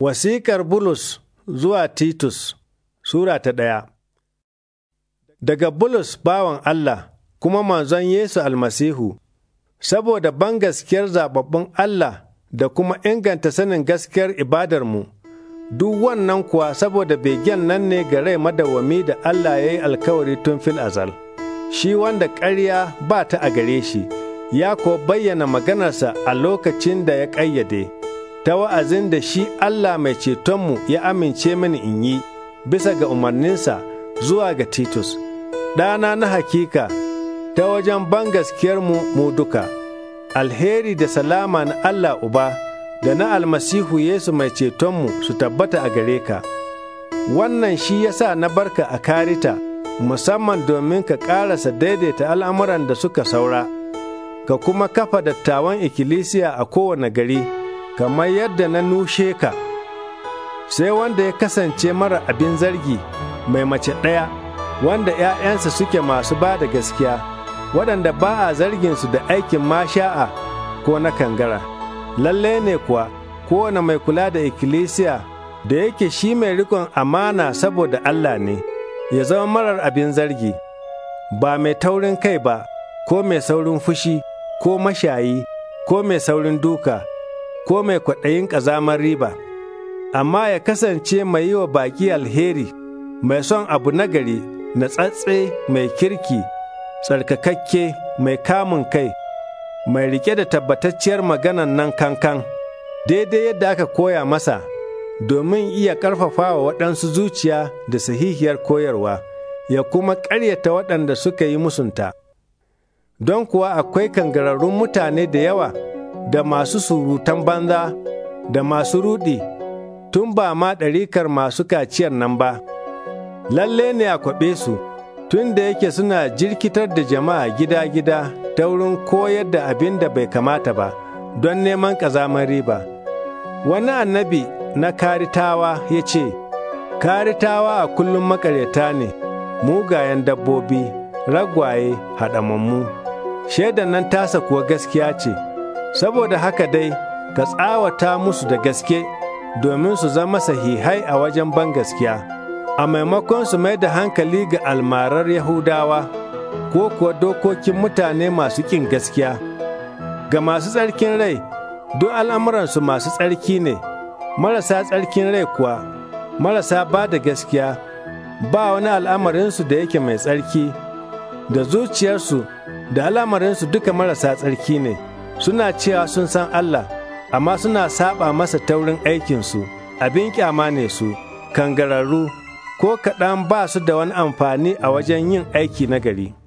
Wasikar Bulus zuwa Titus Sura ta ɗaya Daga Bulus bawan Allah kuma manzon Yesu almasihu, saboda bangaskiyar zababbin Allah da kuma inganta sanin gaskiyar ibadarmu, duk wannan kuwa saboda begen nan ne ga rai madawwami da Allah ya yi alkawari tun fil azal, shi wanda ƙarya ba ta a gare shi, ya kuwa bayyana maganarsa a lokacin da ya ƙayyade. ta wa'azin da shi Allah mai cetonmu ya amince mini in yi bisa ga umarninsa zuwa ga Titus, ɗana na hakika ta wajen bangaskiyarmu mu duka, alheri da salama na Allah Uba da na almasihu Yesu mai cetonmu su tabbata a gare ka. Wannan shi ya sa na barka a karita, musamman domin ka ƙarasa daidaita al'amuran da suka saura, ka kuma kafa dattawan ikkilisiya a kowane gari. kamar yadda na nushe ka, sai wanda ya kasance mara abin zargi mai mace ɗaya, wanda ‘ya'yansa suke masu ba da gaskiya, waɗanda ba a zarginsu da aikin masha'a ko na kangara. Lalle ne kuwa, kowane mai kula da ikkilisiya da yake shi mai rikon amana saboda Allah ne, ya zama marar abin zargi, ba mai taurin kai ba, ko mai saurin fushi, ko mashayi, ko mai saurin duka. ko mai kwaɗayin ƙazamar riba, amma ya kasance mai yi wa baƙi alheri, mai son abu nagari, natsatse mai kirki, tsarkakakke mai kamun kai, mai riƙe da tabbatacciyar maganan nan kankan, daidai yadda aka koya masa, domin iya ƙarfafa wa waɗansu zuciya da sahihiyar koyarwa, ya kuma ƙaryata waɗanda suka yi musunta. Don kuwa akwai kangararrun mutane da yawa. da masu surutan banza da masu rudi tun ba ma ɗarikar masu kaciyar nan ba lalle ne a kwaɓe su tun da yake suna jirkitar da jama'a gida-gida ta wurin koyar da abin da bai kamata ba don neman ƙazaman riba wani annabi na karitawa ya ce karitawa a kullum maƙaryata ne mugayen dabbobi ragwaye haɗamammu shaidan nan tasa kuwa gaskiya ce saboda haka dai ka tsawata musu da gaske domin su zama sahihai a wajen ban gaskiya a maimakon su mai da hankali ga almarar yahudawa ko kuwa dokokin mutane masu ƙin gaskiya ga masu tsarkin rai duk al'amuransu masu tsarki ne marasa tsarkin rai kuwa marasa ba da gaskiya ba wani al'amarinsu da yake mai tsarki da zuciyarsu da al'amarinsu duka marasa tsarki ne. suna cewa sun san Allah, amma suna saba masa taurin aikinsu, abin kyama ne su, kangararru, ko kaɗan ba su da wani amfani a wajen yin aiki na gari.